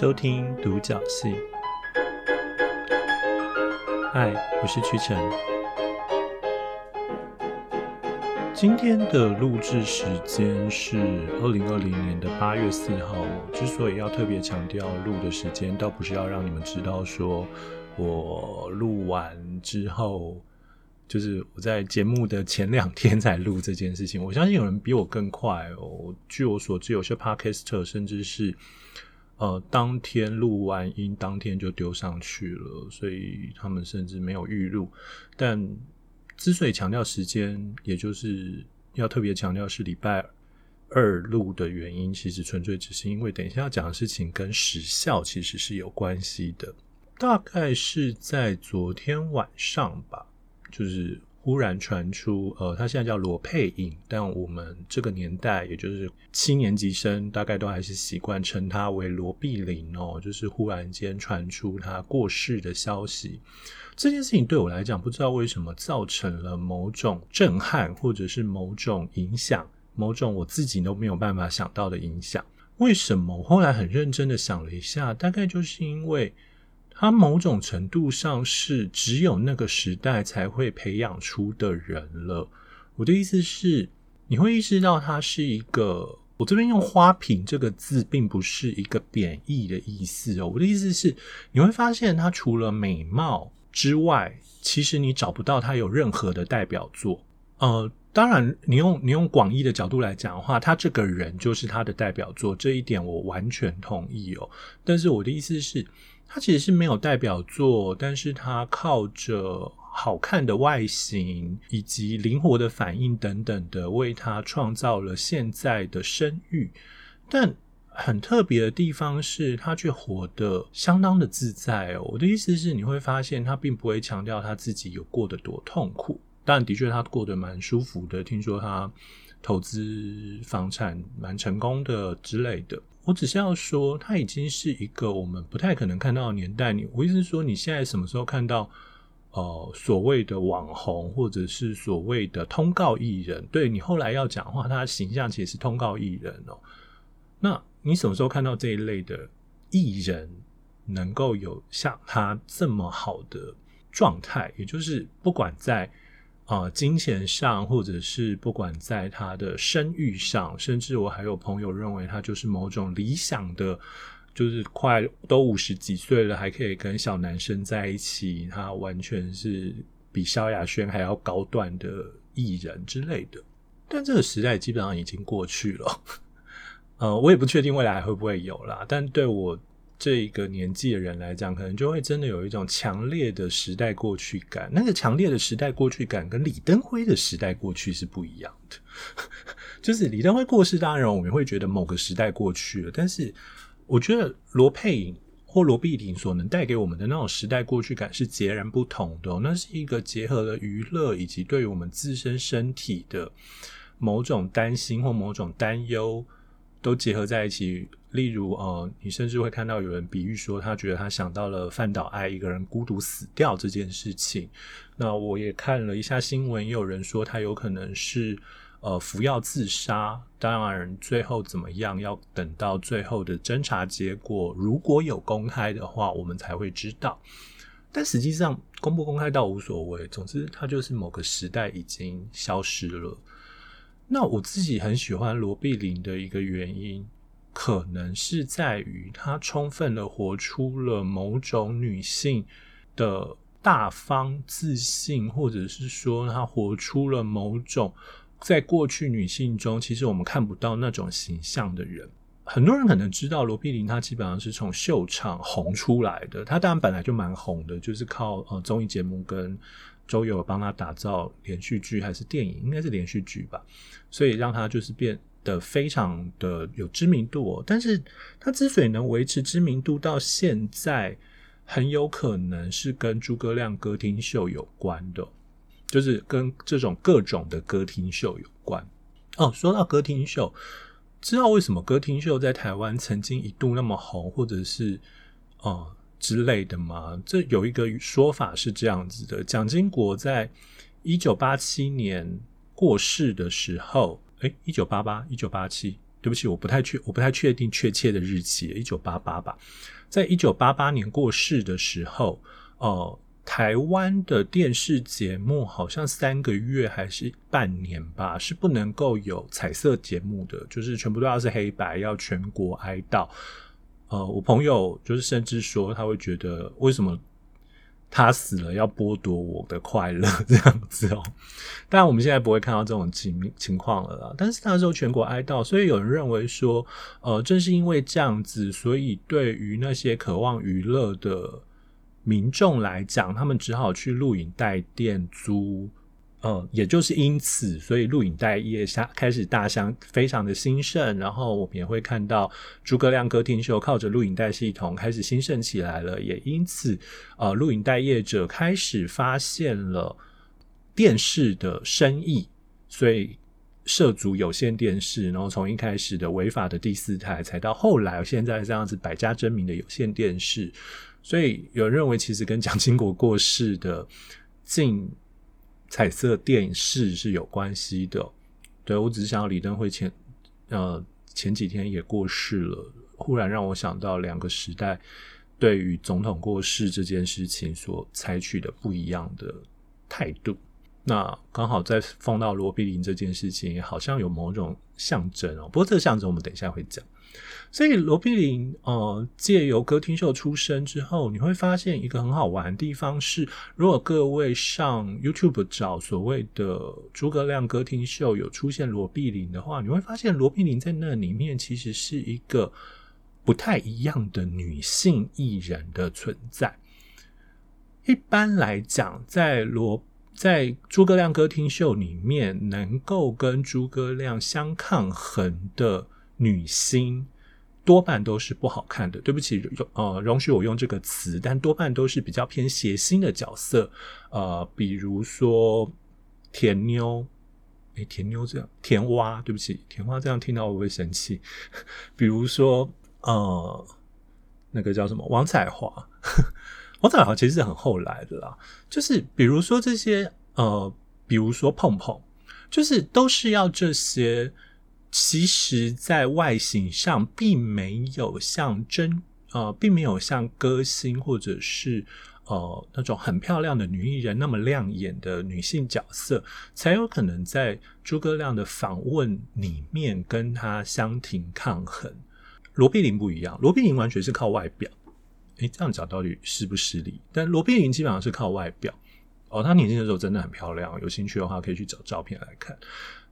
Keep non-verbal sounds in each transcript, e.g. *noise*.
收聽讀角戲，嗨，我是曲辰。今天的錄制時間是二零二零年的八月四號。我之所以要特別強調錄的時間，倒不是要讓你們知道，說我錄完之後，就是我在節目的前兩天才錄這件事情。我相信有人比我更快哦。據我所知，有些 Podcaster 甚至。是。呃，當天錄完音，當天就丟上去了，所以他們甚至沒有預錄。但之所以強調時間，也就是要特別強調是禮拜二錄的原因，其實純粹只是因為等一下要講的事情跟時效其實是有關係的。大概是在昨天晚上吧，就是。忽然傳出，呃，他現在叫羅霈穎，但我們這個年代，也就是七年級生，大概都還是習慣稱他為羅璧玲哦。就是忽然間傳出他過世的消息，這件事情對我來講，不知道為什麼造成了某種震撼，或者是某種影響，某種我自己都沒有辦法想到的影響。為什麼？我後來很認真的想了一下，大概就是因為。他某種程度上是只有那個時代才會培養出的人了。我的意思是，你會意識到他是一個。我這邊用“花瓶”這個字，並不是一個貶義的意思哦。我的意思是，你會發現他除了美貌之外，其實你找不到他有任何的代表作。呃，當然，你用你用廣義的角度來講的話，他這個人就是他的代表作，這一點我完全同意哦。但是我的意思是。他其實是沒有代表作，但是他靠着好看的外形以及靈活的反應等等的，為他創造了現在的聲譽。但很特別的地方是，他卻活得相當的自在哦。我的意思是，你會發現他並不會強調他自己有過得多痛苦，但的確他過得蠻舒服的。聽說他。投資房產蠻成功的之類的，我只是要說，他已經是一個我們不太可能看到的年代。你，我意思是說，你現在什麼時候看到，呃，所謂的網紅或者是所謂的通告藝人？對，你後來要講話，他的形象其實是通告藝人哦。那你什麼時候看到這一類的藝人能夠有像他這麼好的狀態？也就是不管在。啊，金錢上，或者是不管在他的聲譽上，甚至我還有朋友認為他就是某種理想的，就是快都五十幾歲了，還可以跟小男生在一起，他完全是比蕭亞軒還要高段的藝人之類的。但這個時代基本上已經過去了，呃，我也不確定未來會不會有啦。但對我，這一個年紀的人來講，可能就會真的有一種強烈的時代過去感。那個強烈的時代過去感，跟李登輝的時代過去是不一樣的。 *laughs* 就是李登輝過世，當然我們也會覺得某個時代過去了。但是，我覺得羅霈穎或羅璧玲所能帶給我們的那種時代過去感是截然不同的哦。那是一個結合了娛樂以及對於我們自身身體的某種擔心或某種擔憂。都結合在一起，例如，呃，你甚至會看到有人比喻說，他覺得他想到了飯島愛一個人孤獨死掉這件事情。那我也看了一下新聞，也有人說他有可能是呃服藥自殺。當然，最後怎麼樣，要等到最後的偵查結果，如果有公開的話，我們才會知道。但實際上，公不公開倒無所謂，總之，他就是某個時代已經消失了。那我自己很喜歡羅碧玲的一個原因，可能是在於她充分的活出了某種女性的大方、自信，或者是說她活出了某種在過去女性中其實我們看不到那種形象的人。很多人可能知道羅碧玲她基本上是從秀場紅出來的，她當然本來就蠻紅的，就是靠呃綜藝節目跟。周遊幫他打造連續劇還是電影，應該是連續劇吧，所以讓他就是變得非常的有知名度哦。但是他之所以能維持知名度到現在，很有可能是跟豬哥亮歌廳秀有關的，就是跟這種各種的歌廳秀有關。哦，說到歌廳秀，知道為什麼歌廳秀在台灣曾經一度那麼紅，或者是啊？呃之類的嘛，這有一個說法是這樣子的：蔣經國在一九八七年過世的時候，誒，一九八八，一九八七，對不起，我不太確，我不太確定確切的日期，一九八八吧。在一九八八年過世的時候，哦、呃，台灣的電視節目好像三個月還是半年吧，是不能夠有彩色節目的，就是全部都要是黑白，要全國哀悼。呃，我朋友就是甚至說，他會覺得為什麼他死了要剝奪我的快樂這樣子哦。當然我們現在不會看到這種情情況了啦，但是那時候全國哀悼，所以有人認為說，呃，正是因為這樣子，所以對於那些渴望娛樂的民眾來講，他們只好去錄影帶店租。嗯，也就是因此，所以錄影帶業相開始大相非常的興盛，然後我們也會看到豬哥亮歌廳秀靠着錄影帶系統開始興盛起來了，也因此，呃，錄影帶業者開始發現了電視的生意，所以涉足有線電視，然後從一開始的違法的第四台，才到後來現在這樣子百家爭鳴的有線電視，所以有人認為其實跟蔣經國過世的近。彩色電視是有關係的，對我只是想李登輝前，呃，前幾天也過世了，忽然讓我想到兩個時代對於總統過世這件事情所採取的不一樣的態度，那剛好在放到羅霈穎這件事情，好像有某種象徵哦，不過這個象徵我們等一下會講。所以羅霈穎呃，借由歌廳秀出身之後，你會發現一個很好玩的地方是：如果各位上 YouTube 找所謂的《豬哥亮歌廳秀》，有出現羅霈穎的話，你會發現羅霈穎在那裡面其實是一個不太一樣的女性藝人的存在。一般來講，在羅在《豬哥亮歌廳秀》裡面，能夠跟豬哥亮相抗衡的。女星多半都是不好看的，對不起，呃，容許我用這個詞，但多半都是比較偏諧星的角色，呃，比如說甜妞，誒、欸、甜妞這樣，甜娃，對不起，甜娃這樣，聽到我會，不會生氣。 *laughs* 比如說，呃，那個叫什麼，王彩樺， *laughs* 王彩樺其實是很後來的啦，就是比如說這些，呃，比如說澎澎，就是都是要這些。其實在外形上，並沒有像真呃，並沒有像歌星或者是呃那種很漂亮的女藝人那麼亮眼的女性角色，才有可能在豬哥亮的訪問裡面跟他相挺抗衡。羅霈穎不一樣，羅霈穎完全是靠外表。誒、欸，這樣講到底失不失禮？但羅霈穎基本上是靠外表。哦，她年輕的時候真的很漂亮，有興趣的話可以去找照片來看。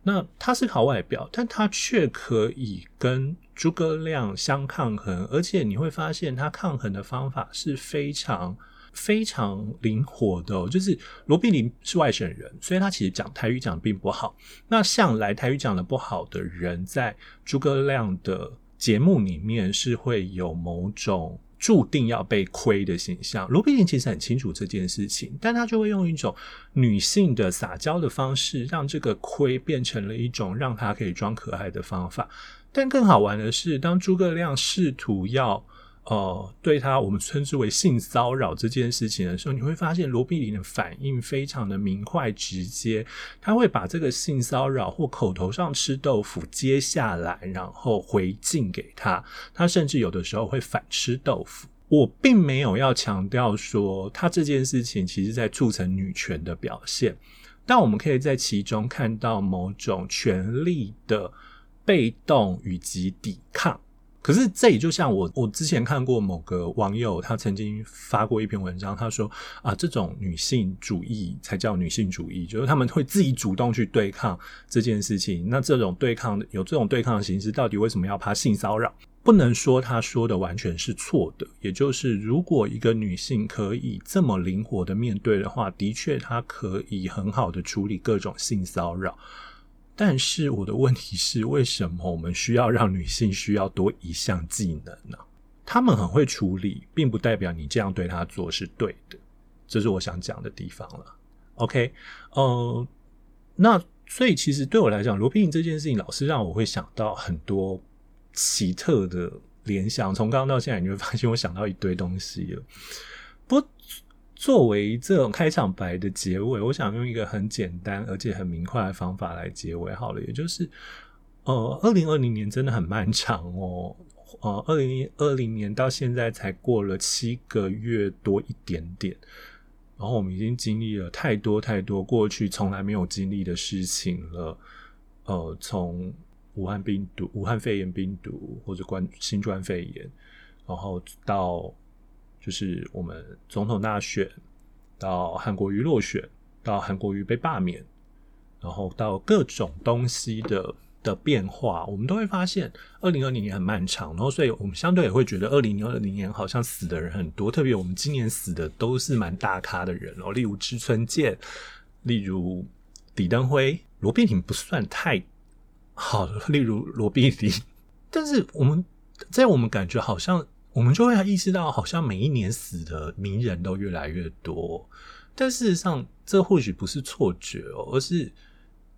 那他是好外表，但他卻可以跟諸葛亮相抗衡，而且你會發現他抗衡的方法是非常非常靈活的哦。就是羅霈穎是外省人，所以他其實講台語講的並不好。那向來台語講的不好的人，在諸葛亮的節目裡面是會有某種。注定要被虧的形象，羅霈穎其實很清楚這件事情，但她就會用一種女性的撒嬌的方式，讓這個虧變成了一種讓她可以裝可愛的方法。但更好玩的是，當諸葛亮試圖要。哦、呃，對他，我們稱之為性騷擾這件事情的時候，你會發現羅霈穎的反應非常的明快直接，他會把這個性騷擾或口頭上吃豆腐接下來，然後回敬給他，他甚至有的時候會反吃豆腐。我並沒有要強調說他這件事情其實在促成女權的表現，但我們可以在其中看到某種權力的被動以及抵抗。可是這也就像我，我之前看過某個網友，他曾經發過一篇文章，他說啊，這種女性主義才叫女性主義，就是他們會自己主動去對抗這件事情。那這種對抗有這種對抗的形式，到底為什麼要怕性騷擾？不能說他說的完全是錯的。也就是如果一個女性可以這麼靈活的面對的話，的確她可以很好的處理各種性騷擾。但是我的問題是，為什麼我們需要讓女性需要多一項技能呢、啊？她們很會處理，並不代表你這樣對她做是對的。這是我想講的地方了。OK，呃，那所以其實對我來講，羅霈穎這件事情老是讓我會想到很多奇特的聯想。從剛剛到現在，你就會發現我想到一堆東西了。不。作為這種開場白的結尾，我想用一個很簡單而且很明快的方法來結尾好了，也就是，呃，二零二零年真的很漫長哦，呃，二零二零年到現在才過了七個月多一點點，然後我們已經經歷了太多太多過去從來沒有經歷的事情了，呃，從武漢病毒、武漢肺炎病毒或者冠新冠肺炎，然後到，就是我們總統大選到韓國瑜落選，到韓國瑜被罷免，然後到各種東西的的變化，我們都會發現，二零二零年很漫長。然後，所以我們相對也會覺得，二零二零年好像死的人很多。特別我們今年死的都是蠻大咖的人哦、喔，例如志村健，例如李登輝，羅霈穎不算太好，例如羅霈穎。但是我們在我們感覺好像。我們就會意識到，好像每一年死的名人，都越來越多。但事實上，這或許不是錯覺哦，而是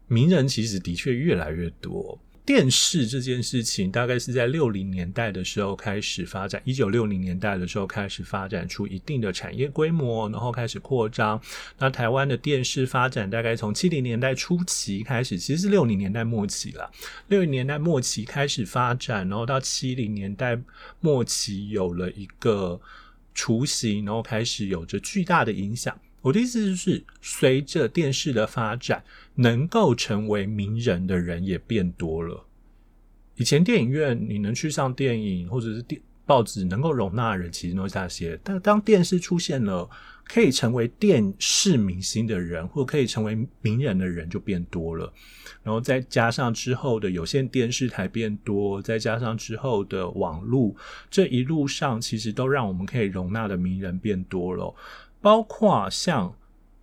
名人其實的確越來越多。電視這件事情大概是在六零年代的時候開始發展，一九六零年代的時候開始發展出一定的產業規模，然後開始擴張。那台灣的電視發展大概從七零年代初期開始，其實是六零年代末期了。六零年代末期開始發展，然後到七零年代末期有了一個雛形，然後開始有着巨大的影響。我的意思就是，隨着電視的發展，能夠成為名人的人也變多了。以前電影院你能去上電影，或者是電報紙能夠容納的人，其實都是那些。但當電視出現了，可以成為電視明星的人，或可以成為名人的人就變多了。然後再加上之後的有線電視台變多，再加上之後的網路，這一路上其實都讓我們可以容納的名人變多了。包括像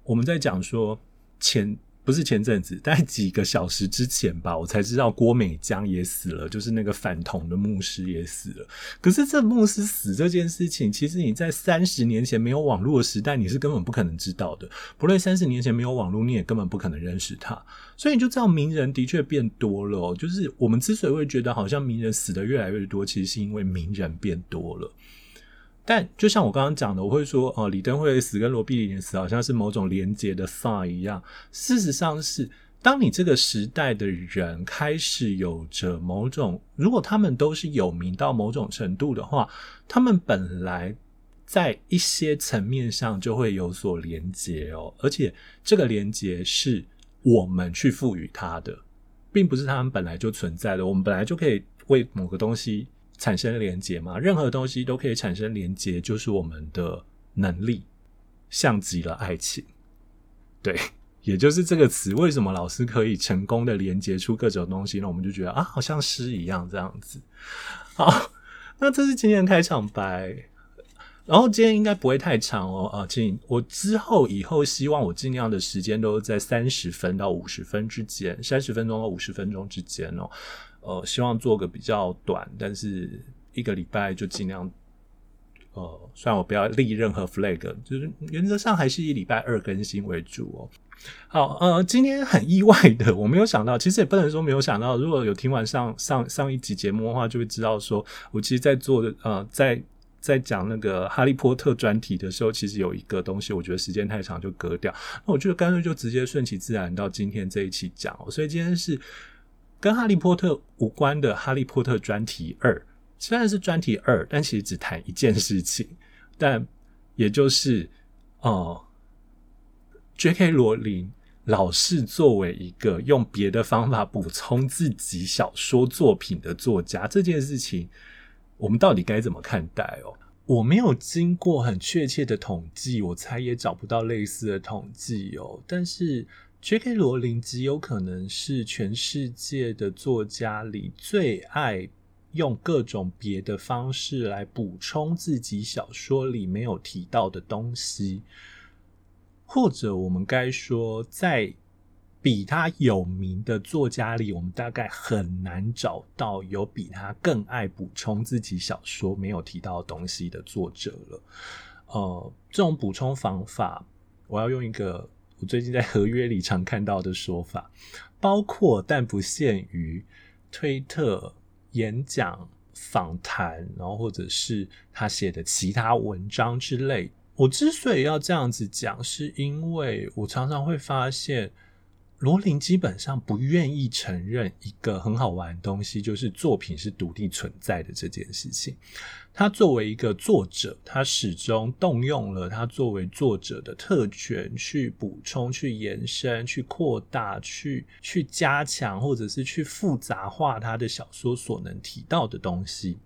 我們在講說前，前不是前陣子，大概幾個小時之前吧，我才知道郭美江也死了，就是那個反同的牧師也死了。可是這牧師死這件事情，其實你在三十年前沒有網絡的時代，你是根本不可能知道的。不論三十年前沒有網絡，你也根本不可能認識他，所以你就知道名人的確變多了哦，就是我們之所以會覺得好像名人死的越來越多，其實是因為名人變多了。但就像我剛剛講的，我會說哦、呃，李登輝的死跟羅霈穎死好像是某種連結的 sign 一樣。事實上是，當你這個時代的人開始有着某種，如果他們都是有名到某種程度的話，他們本來在一些層面上就會有所連結哦。而且這個連結是我們去賦予他的，並不是他們本來就存在的。我們本來就可以為某個東西。產生連結嘛？任何東西都可以產生連結就是我們的能力，像極了愛情。對，也就是這個詞。為什麼老師可以成功的連接出各種東西呢？我們就覺得啊，好像詩一樣這樣子。好，那這是今天的開場白。然後今天應該不會太長哦。啊，請，我之後以後希望我儘量的時間都在三十分到五十分之間，三十分鐘到五十分鐘之間哦。呃，希望做個比較短，但是一個禮拜就盡量。呃，雖然我不要立任何 flag，就是原則上還是以禮拜二更新為主哦。好，呃，今天很意外的，我沒有想到，其實也不能說沒有想到。如果有聽完上上上一集節目的話，就會知道說，我其實在做的呃，在在講那個哈利波特專題的時候，其實有一個東西，我覺得時間太長就割掉。那我覺得乾脆就直接順其自然到今天這一期講。所以今天是。跟《哈利波特》無關的《哈利波特》專題二，雖然是專題二，但其實只談一件事情，但也就是哦，呃，J.K. 羅琳老是作為一個用別的方法補充自己小說作品的作家，這件事情，我們到底該怎麼看待哦？我沒有經過很確切的統計，我猜也找不到類似的統計哦，但是。J.K. 羅琳極有可能是全世界的作家裡最愛用各種別的方式來補充自己小說裡沒有提到的東西，或者我們該說，在比他有名的作家裡，我們大概很難找到有比他更愛補充自己小說沒有提到的東西的作者了。呃，這種補充方法，我要用一個。我最近在合約裡常看到的說法，包括但不限於推特、演講、訪談，然後或者是他寫的其他文章之類。我之所以要這樣子講，是因為我常常會發現。羅琳基本上不願意承認一個很好玩的東西，就是作品是獨立存在的這件事情。他作為一個作者，他始終動用了他作為作者的特權，去補充、去延伸、去擴大、去去加強，或者是去複雜化他的小說所能提到的東西。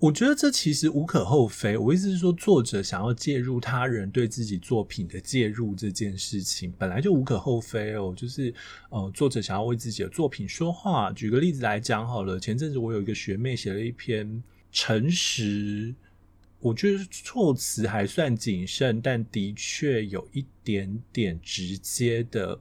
我覺得這其實無可厚非。我意思是說，作者想要介入他人對自己作品的介入這件事情，本來就無可厚非哦。就是呃，作者想要為自己的作品說話。舉個例子來講好了，前陣子我有一個學妹寫了一篇誠實，我覺得措辭還算謹慎，但的確有一點點直接的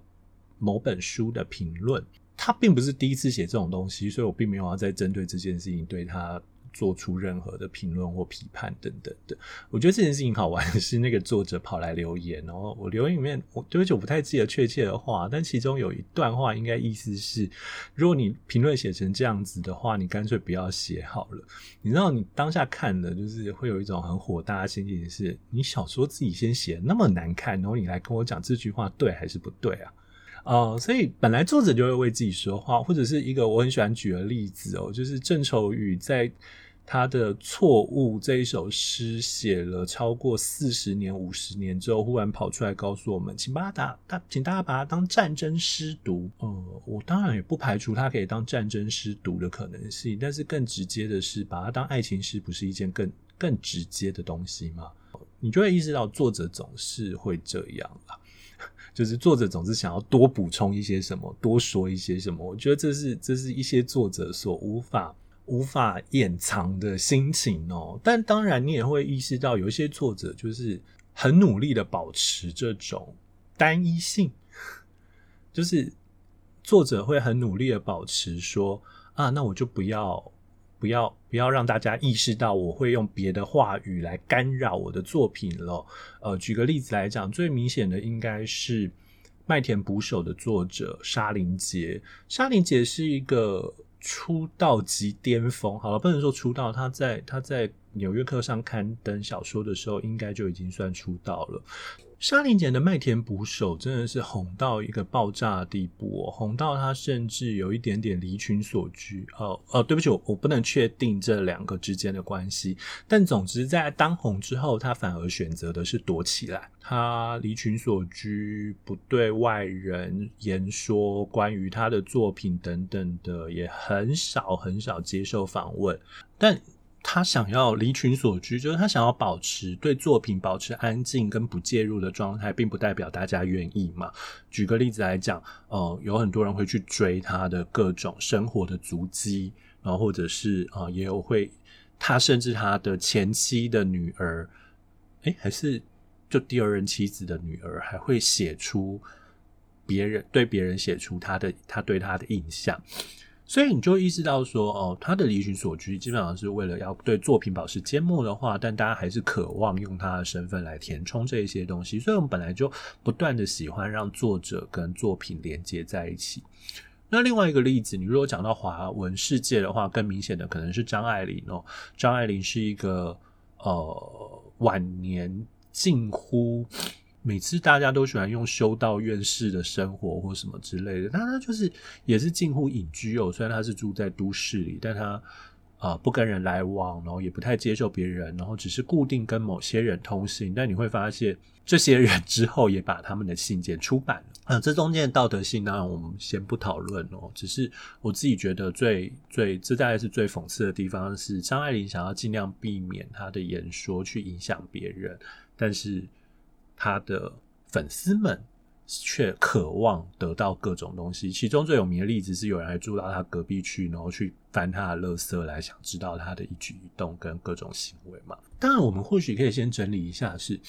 某本書的評論。她並不是第一次寫這種東西，所以我並沒有要再針對這件事情對她。做出任何的評論或批判等等的，我覺得這件事情好玩是那個作者跑來留言，然後我留言裡面我，對不起，我不太記得確切的話，但其中有一段話應該意思是，如果你評論寫成這樣子的話，你乾脆不要寫好了。你知道你當下看的就是會有一種很火大的心情是，是你小說自己先寫那麼難看，然後你來跟我講這句話對還是不對啊？哦，所以本來作者就會為自己說話，或者是一個我很喜歡舉的例子哦，就是鄭愁予在他的《錯誤》這一首詩寫了超過四十年、五十年之後，忽然跑出來告訴我們，請把他大打打，請大家把它當戰爭詩讀。哦、嗯，我當然也不排除他可以當戰爭詩讀的可能性，但是更直接的是把它當愛情詩，不是一件更更直接的東西嗎？你就會意識到作者總是會這樣了。就是作者總是想要多補充一些什麼，多說一些什麼。我覺得這是這是一些作者所無法無法掩藏的心情哦。但當然，你也會意識到，有一些作者就是很努力的保持這種單一性，就是作者會很努力的保持說啊，那我就不要。不要不要讓大家意識到我會用別的話語來干擾我的作品了。呃，舉個例子來講，最明顯的應該是《麥田捕手》的作者沙林傑。沙林傑是一個出道即巔峰，好了，不能說出道，他在他在《紐約客》上刊登小說的時候，應該就已經算出道了。沙林傑的麥田捕手真的是紅到一個爆炸的地步，哦，紅到他甚至有一點點離群所居。哦哦，對不起，我，我不能確定這兩個之間的關係。但總之，在當紅之後，他反而選擇的是躲起來，他離群所居，不對外人言說關於他的作品等等的，也很少很少接受訪問。但他想要離群索居，就是他想要保持對作品保持安靜跟不介入的狀態，並不代表大家願意嘛。舉個例子來講，呃，有很多人會去追他的各種生活的足跡，然後或者是啊、呃，也有會，他甚至他的前妻的女兒，誒、欸、還是就第二任妻子的女兒，還會寫出別人，對別人寫出他的他對他的印象。所以你就意識到說，哦，他的離群索居基本上是為了要對作品保持緘默的話，但大家還是渴望用他的身份來填充這一些東西。所以我們本來就不斷的喜歡讓作者跟作品連接在一起。那另外一個例子，你如果講到華文世界的話，更明顯的可能是張愛玲哦。張愛玲是一個呃晚年近乎。每次大家都喜歡用修道院士的生活或什麼之類的，那他就是也是近乎隱居哦。雖然他是住在都市裡，但他啊、呃、不跟人來往，然後也不太接受別人，然後只是固定跟某些人通信。但你會發現，這些人之後也把他們的信件出版了。嗯、呃，這中間的道德性，當然我們先不討論哦。只是我自己覺得最最這大概是最諷刺的地方是，張愛玲想要盡量避免她的言說去影響別人，但是。他的粉絲們却渴望得到各種東西，其中最有名的例子是有人來住到他隔壁去，然後去翻他的垃圾來，想知道他的一舉一動跟各種行為嘛。當然，我們或許可以先整理一下是，是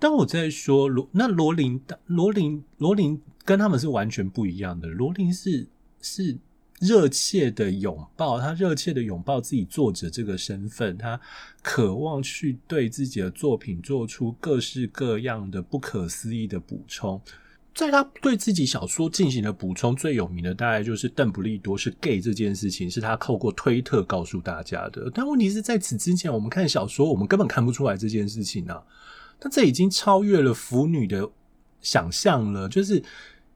當我在說羅那羅琳，羅琳羅琳跟他們是完全不一樣的，羅琳是是。熱切的擁抱，他熱切的擁抱自己作者這個身份，他渴望，去對自己的作品做出各式各樣的不可思議的補充。在他對自己小說進行的補充，最有名的大概就是鄧布利多是 gay 這件事情，是他透過推特告訴大家的。但問題是在此之前，我們看小說，我們根本看不出來這件事情啊。但這已經超越了腐女的想象了，就是。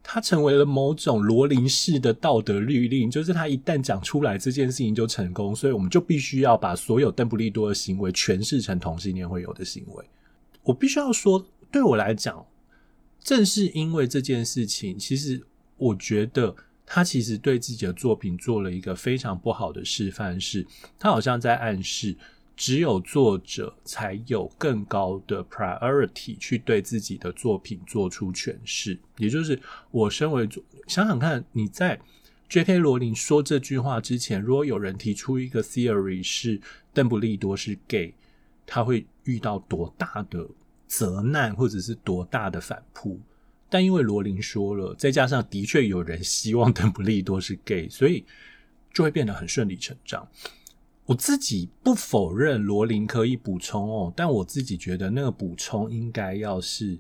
他成為了某種羅琳式的道德律令，就是他一旦講出來這件事情就成功，所以我們就必須要把所有鄧布利多的行為詮釋成同性戀會有的行為。我必須要說，對我來講，正是因為這件事情，其實我覺得他其實對自己的作品做了一個非常不好的示範，是他好像在暗示。只有作者才有更高的 priority 去對自己的作品做出詮釋，也就是我身為作，想想看，你在 J.K. 羅琳說這句話之前，如果有人提出一個 theory 是鄧布利多是 gay，他會遇到多大的責難，或者是多大的反撲？但因為羅琳說了，再加上的確有人希望鄧布利多是 gay，所以就會變得很順理成章。我自己不否認羅琳可以補充哦，但我自己覺得那個補充應該要是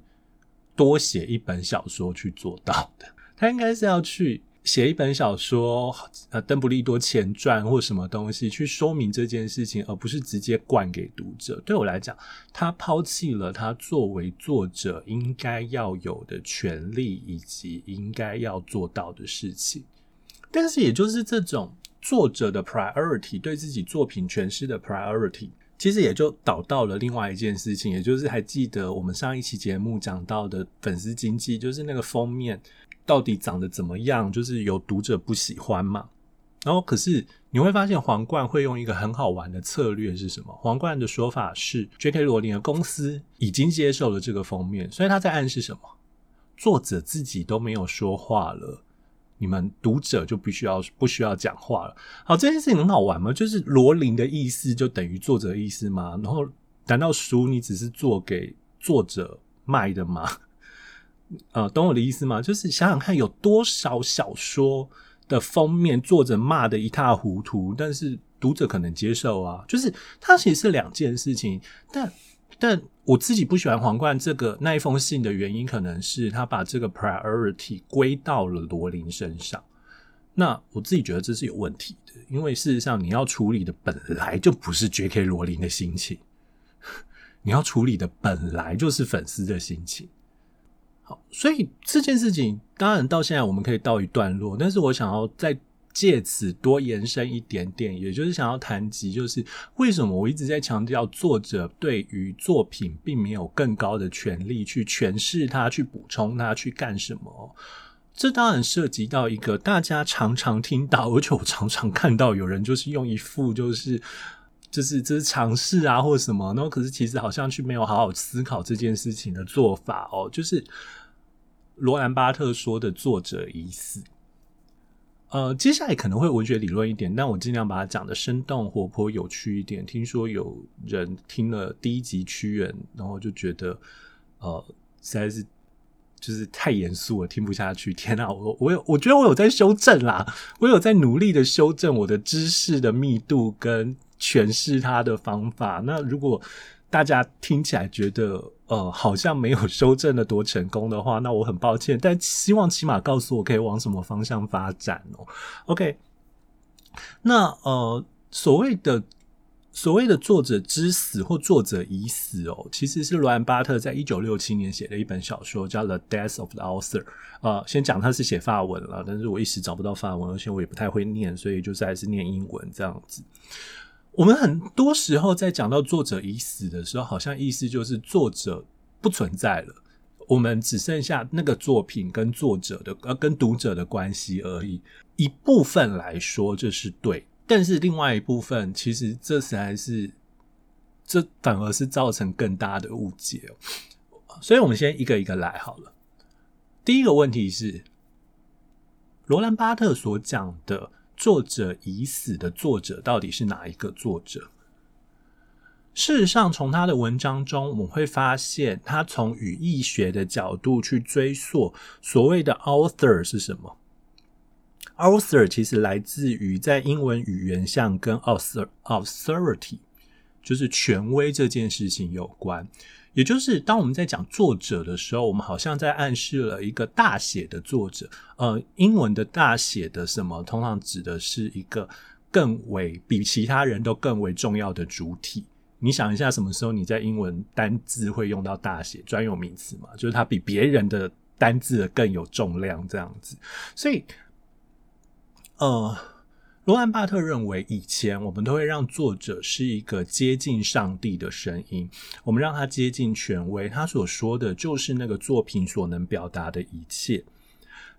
多寫一本小說去做到的。他應該是要去寫一本小說，呃，鄧布利多前傳或什麼東西去說明這件事情，而不是直接灌給讀者。對我來講，他拋棄了他作為作者應該要有的權利以及應該要做到的事情。但是也就是這種。作者的 priority 對自己作品詮釋的 priority，其實也就導到了另外一件事情，也就是還記得我們上一期節目講到的粉絲經濟，就是那個封面到底長得怎麼樣，就是有讀者不喜歡嘛。然後，可是你會發現皇冠會用一個很好玩的策略是什麼？皇冠的說法是，J.K. 羅琳的公司已經接受了這個封面，所以他在暗示什麼？作者自己都沒有說話了。你們讀者就必須要不需要講話了？好，這件事情很好玩嗎？就是羅琳的意思就等於作者的意思嗎？然後難道書你只是做給作者賣的嗎？呃，懂我的意思嗎？就是想想看，有多少小說的封面作者罵得一塌糊塗，但是讀者可能接受啊？就是它其實是兩件事情，但但。我自己不喜歡皇冠這個那一封信的原因，可能是他把這個 priority 歸到了羅琳身上。那我自己覺得這是有問題的，因為事實上你要處理的本來就不是 JK 羅琳的心情，你要處理的本來就是粉絲的心情。好，所以這件事情當然到現在我們可以告一段落，但是我想要再。借此多延伸一點點，也就是想要談及，就是為什麼我一直在強調，作者對於作品並沒有更高的權利去詮釋它、去補充它、去幹什麼？這當然涉及到一個大家常常聽到，而且我常常看到有人就是用一副就是就是這是嘗試啊，或什麼，然後可是其實好像卻沒有好好思考這件事情的做法哦，就是羅蘭巴特說的“作者已死”。呃，接下來可能會文學理論一點，但我盡量把它講得生動、活潑、有趣一點。聽說有人聽了第一集屈原，然後就覺得，呃，實在是就是太嚴肅了，聽不下去。天哪，我我有，我覺得我有在修正啦，我有在努力的修正我的知識的密度跟詮釋它的方法。那如果。大家聽起來覺得呃，好像沒有修正的多成功的話，那我很抱歉，但希望起碼告訴我可以往什麼方向發展哦、喔。OK，那呃所謂的所謂的作者之死或作者已死哦、喔，其實是羅蘭巴特在一九六七年寫的一本小說叫《The Death of the Author》啊，呃。先講他是寫法文了，但是我一時找不到法文，而且我也不太會念，所以就是還是念英文這樣子。我們很多時候在講到作者已死的時候，好像意思就是作者不存在了，我們只剩下那個作品跟作者的，呃、啊，跟讀者的關係而已。一部分來說這是對，但是另外一部分其實這實在是，這反而是造成更大的誤解。所以我們先一個一個來好了。第一個問題是，羅蘭巴特所講的。作者已死的作者到底是哪一個作者？事實上，從他的文章中，我們會發現，他從語義學的角度去追溯所謂的 author 是什麼。author 其實來自於在英文語言上，跟 author authority 就是權威這件事情有關。也就是當我們在講作者的時候，我們好像在暗示了一個大寫的作者。呃，英文的大寫的什麼，通常指的是一個更為比其他人都更為重要的主體。你想一下，什麼時候你在英文單字會用到大寫專有名詞嘛？就是它比別人的單字更有重量這樣子。所以，呃，羅蘭巴特認為，以前我們都會讓作者是一個接近上帝的聲音，我們讓他接近權威，他所說的就是那個作品所能表達的一切。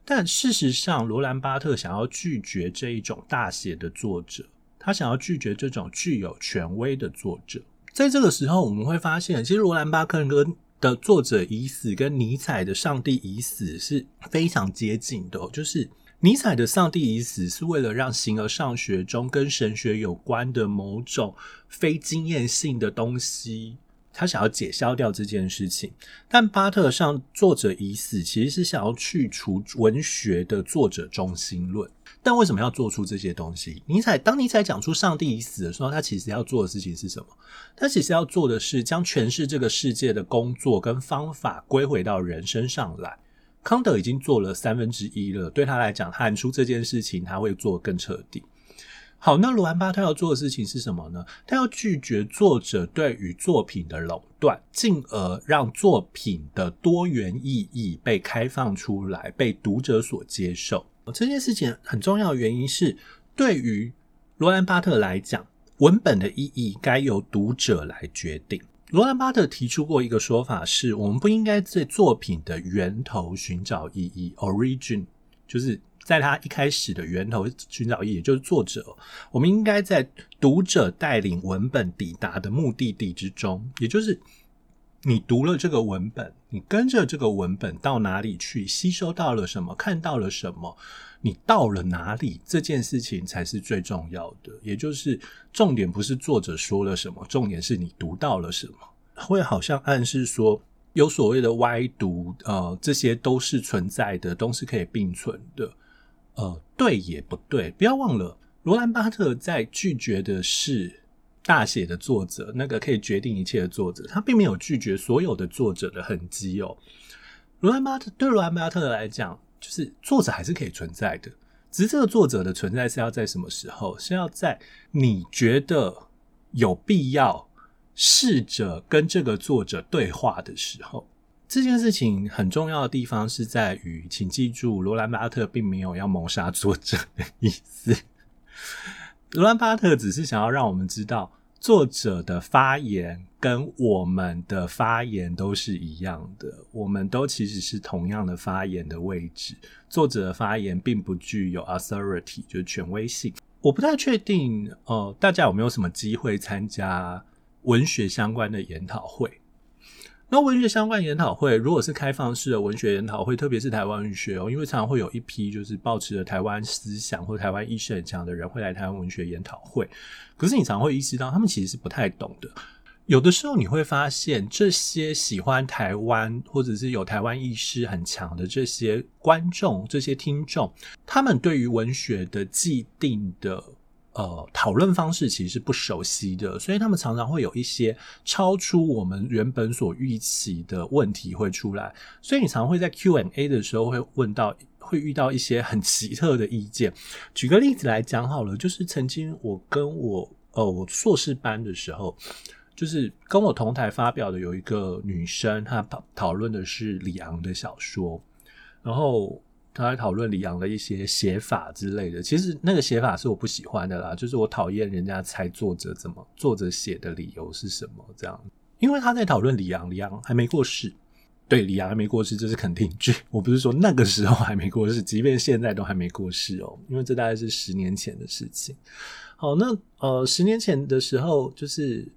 但事實上，羅蘭巴特想要拒絕這一種大寫的作者，他想要拒絕這種具有權威的作者。在這個時候，我們會發現，其實羅蘭巴特的作者已死，跟尼采的上帝已死是非常接近的，就是。尼采的“上帝已死”是為了讓形而上學中跟神學有關的某種非經驗性的東西，他想要解消掉這件事情。但巴特上作者已死其實是想要去除文學的作者中心論。但為什麼要做出這些東西？尼采，當尼采講出“上帝已死”的時候，他其實要做的事情是什麼？他其實要做的是將詮釋這個世界的工作跟方法歸回到人身上來。康德已經做了三分之一了，對他來講，喊出這件事情他會做更徹底。好，那羅蘭巴特要做的事情是什麼呢？他要拒絕作者對於作品的壟斷，進而讓作品的多元意義被開放出來，被讀者所接受。這件事情很重要的原因是，對於羅蘭巴特來講，文本的意義該由讀者來決定。羅蘭巴特提出過一個說法是我們不應該在作品的源頭尋找意義，origin，就是在它一開始的源頭尋找意義，也就是作者。我們應該在讀者帶領文本抵達的目的地之中，也就是你讀了這個文本，你跟着這個文本到哪裡去，吸收到了什麼，看到了什麼。你到了哪裡這件事情才是最重要的，也就是重點不是作者說了什麼，重點是你讀到了什麼。會好像暗示說有所謂的歪讀，呃，這些都是存在的，都是可以並存的，呃，對也不對。不要忘了，羅蘭巴特在拒絕的是大寫的作者，那個可以決定一切的作者，他並沒有拒絕所有的作者的痕跡哦。羅蘭巴特對羅蘭巴特來講，就是作者還是可以存在的，只是這個作者的存在是要在什麼時候？是要在你覺得有必要試着跟這個作者對話的時候。這件事情很重要的地方是在於，請記住，羅蘭巴特並沒有要謀殺作者的意思。羅蘭巴特只是想要讓我們知道作者的發言。跟我們的發言都是一樣的，我們都其實是同樣的發言的位置。作者的發言並不具有 authority，就是權威性。我不太確定，呃，大家有沒有什麼機會參加文學相關的研討會？那文學相關研討會，如果是開放式的文學研討會，特別是台灣文學哦、喔，因為常常會有一批就是抱持着台灣思想或台灣意識很強的人會來台灣文學研討會。可是你常常會意識到，他們其實是不太懂的。有的時候你會發現，這些喜歡台灣或者是有台灣意識很強的這些觀眾、這些聽眾，他們對於文學的既定的呃討論方式其實是不熟悉的，所以他們常常會有一些超出我們原本所預期的問題會出來。所以你常常會在 Q&A 的時候會問到，會遇到一些很奇特的意見。舉個例子來講好了，就是曾經我跟我呃我碩士班的時候。就是跟我同台發表的有一個女生，她討討論的是李昂的小說，然後她還討論李昂的一些寫法之類的。其實那個寫法是我不喜歡的啦，就是我討厭人家猜作者怎麼，作者寫的理由是什麼這樣。因為她在討論李昂，李昂還沒過世，對，李昂還沒過世，這是肯定句。我不是說那個時候還沒過世，即便現在都還沒過世哦，因為這大概是十年前的事情。好，那呃，十年前的時候就是。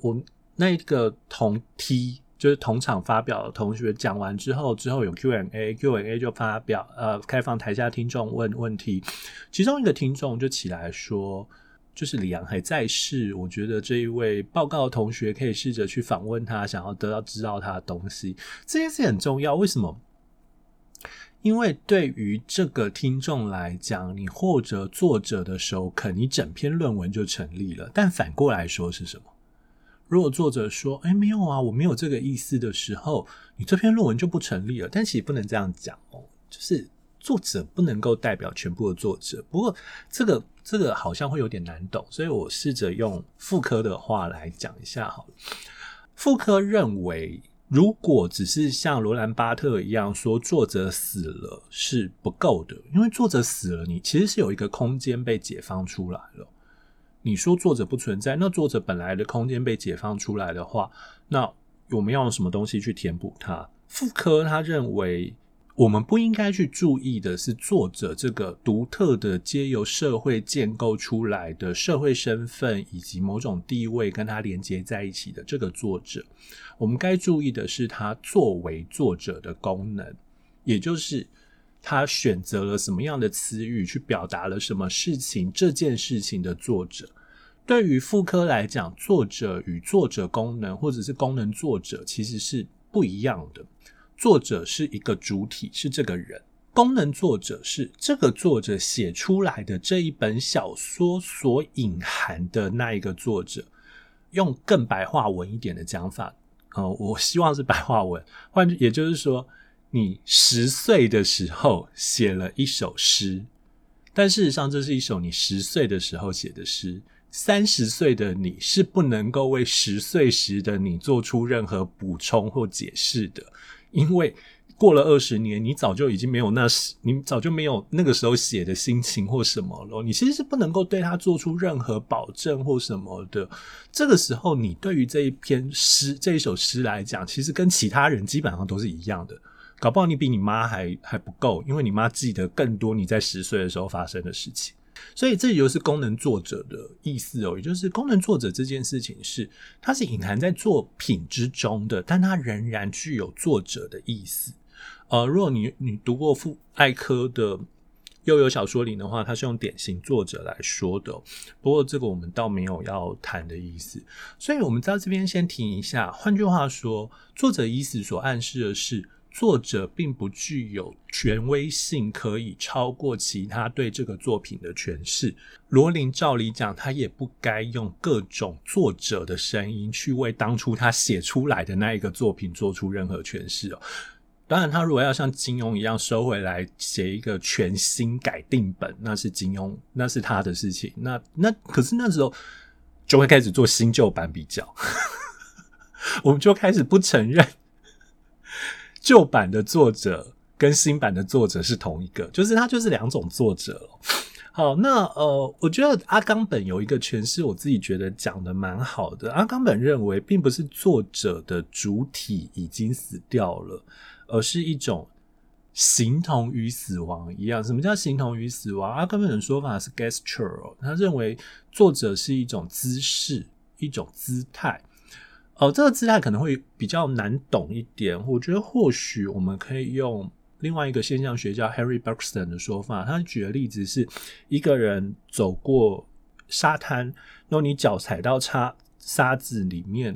我那個同梯就是同場發表的同學講完之後，之後有 Q&A，Q&A 就發表呃，開放台下聽眾問問題。其中一個聽眾就起來說：“就是李陽還在世，我覺得這一位報告的同學可以試着去訪問他，想要得到知道他的東西。這件事很重要。為什麼？因為對於這個聽眾來講，你或者作者的時候，肯定你整篇論文就成立了。但反過來說是什麼？”如果作者說：“哎、欸，沒有啊，我沒有這個意思”的時候，你這篇論文就不成立了。但其實不能這樣講哦、喔，就是作者不能夠代表全部的作者。不過，這個這個好像會有點難懂，所以我試着用傅柯的話來講一下好了。傅柯認為，如果只是像羅蘭巴特一樣說作者死了是不夠的，因為作者死了，你其實是有一個空間被解放出來了。你說作者不存在，那作者本來的空間被解放出來的話，那我們要用什麼東西去填補它？傅柯，他認為，我們不應該去注意的是作者這個獨特的、藉由社會建構出來的社會身份以及某種地位跟他連接在一起的這個作者，我們該注意的是他作為作者的功能，也就是。他選擇了什麼樣的詞語去表達了什麼事情？這件事情的作者，對於傅柯來講，作者與作者功能或者是功能作者其實是不一樣的。作者是一個主體，是這個人；功能作者是這個作者寫出來的這一本小說所隱含的那一個作者。用更白話文一點的講法，呃，我希望是白話文。換句，也就是說。你十歲的時候寫了一首詩，但事實上，這是一首你十歲的時候寫的詩。三十歲的你是不能夠為十歲時的你做出任何補充或解釋的，因為過了二十年，你早就已經沒有那時，你早就沒有那個時候寫的心情或什麼了。你其實是不能夠對它做出任何保證或什麼的。這個時候，你對於這一篇詩、這一首詩來講，其實跟其他人基本上都是一樣的。搞不好你比你媽還還不夠，因為你媽記得更多你在十歲的時候發生的事情，所以這就是功能作者的意思哦、喔。也就是功能作者這件事情是，它是隱含在作品之中的，但它仍然具有作者的意思。呃，如果你你讀過福艾科的《悠遊小說林》裡的話，它是用典型作者來說的、喔。不過這個我們倒沒有要談的意思，所以我們在這邊先停一下。換句話說，作者已死所暗示的是，作者並不具有權威性，可以超過其他對這個作品的詮釋。羅琳照理講，他也不該用各種作者的聲音去為當初他寫出來的那一個作品做出任何詮釋哦。當然，他如果要像金庸一樣收回來寫一個全新改定本，那是金庸，那是他的事情。那那可是那時候就會開始做新舊版比較， *laughs* 我們就開始不承認。舊版的作者跟新版的作者是同一個，就是他就是兩種作者。好，那呃，我覺得阿岡本有一個詮釋，我自己覺得講得蠻好的。阿岡本認為，並不是作者的主體已經死掉了，而是一種形同於死亡一樣。什麼叫形同於死亡？阿岡本的說法是 gesture，他認為作者是一種姿勢，一種姿態。哦、呃，這個姿態可能會比較難懂一點。我覺得或許我們可以用另外一個現象學家 Harry Burkson 的說法，他舉的例子是一個人走過沙灘，然後你腳踩到沙沙子裡面，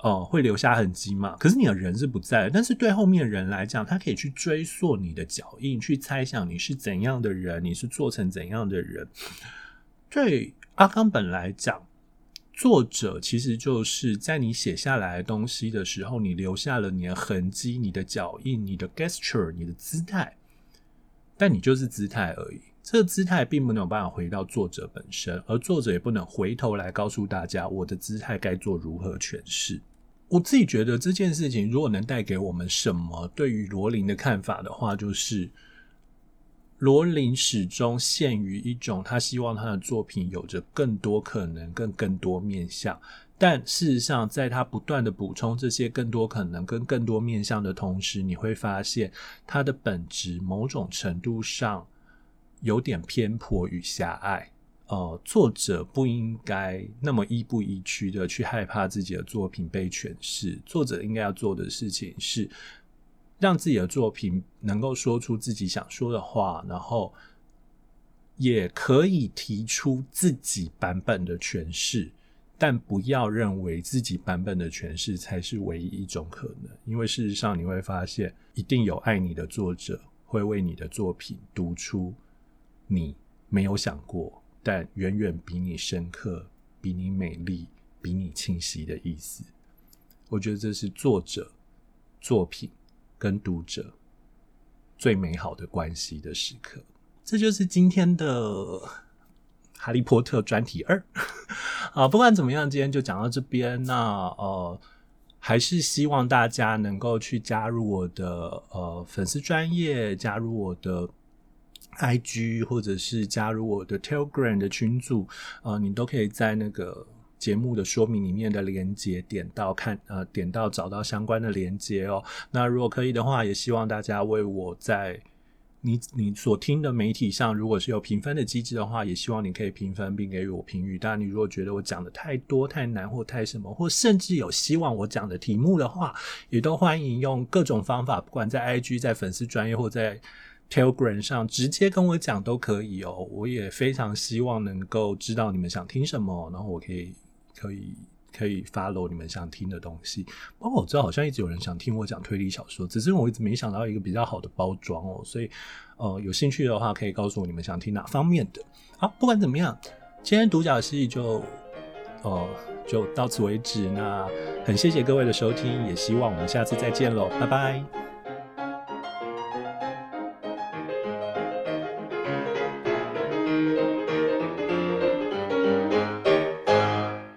哦、呃，會留下痕跡嘛，可是你的人是不在，但是對後面的人來講，他可以去追溯你的腳印，去猜想你是怎樣的人，你是做成怎樣的人。對阿岡本來講。作者其實就是在你寫下來的東西的時候，你留下了你的痕跡、你的腳印、你的 gesture、你的姿態，但你就是姿態而已。這個姿態並沒有辦法回到作者本身，而作者也不能回頭來告訴大家我的姿態該做如何詮釋。我自己覺得這件事情如果能帶給我們什麼對於羅琳的看法的話，就是，羅琳始終陷於一種，他希望他的作品有着更多可能、跟更多面向。但事實上，在他不斷的補充這些更多可能跟更多面向的同時，你會發現他的本質某種程度上有點偏頗與狹隘。呃，作者不應該那麼亦步亦趨的去害怕自己的作品被詮釋。作者應該要做的事情是。讓自己的作品能夠說出自己想說的話，然後也可以提出自己版本的詮釋，但不要認為自己版本的詮釋才是唯一一種可能。因為事實上你會發現，一定有愛你的作者會為你的作品讀出你沒有想過，但遠遠比你深刻、比你美麗、比你清晰的意思。我覺得這是作者作品。跟讀者最美好的關係的時刻，這就是今天的《哈利波特》專題二啊！不管怎麼樣，今天就講到這邊。那呃，還是希望大家能夠去加入我的呃粉絲專頁，加入我的 IG，或者是加入我的 Telegram 的群組啊、呃，你都可以在那個。節目的說明裡面的連結，點到看，呃，點到找到相關的連結哦。那如果可以的話，也希望大家為我在你你所聽的媒體上，如果是有評分的機制的話，也希望你可以評分並給予我評語。但你如果覺得我講的太多、太難或太什麼，或甚至有希望我講的題目的話，也都歡迎用各種方法，不管在 IG、在粉絲專頁或在 Telegram 上直接跟我講都可以哦。我也非常希望能夠知道你們想聽什麼，然後我可以。可以可以發 o 你們想聽的東西，包括我知道好像一直有人想聽我講推理小說，只是我一直沒想到一個比較好的包裝哦，所以呃有興趣的話可以告訴我你們想聽哪方面的。好、啊，不管怎麼樣，今天獨角戲就呃就到此為止，那很謝謝各位的收聽，也希望我們下次再見嘍，拜拜。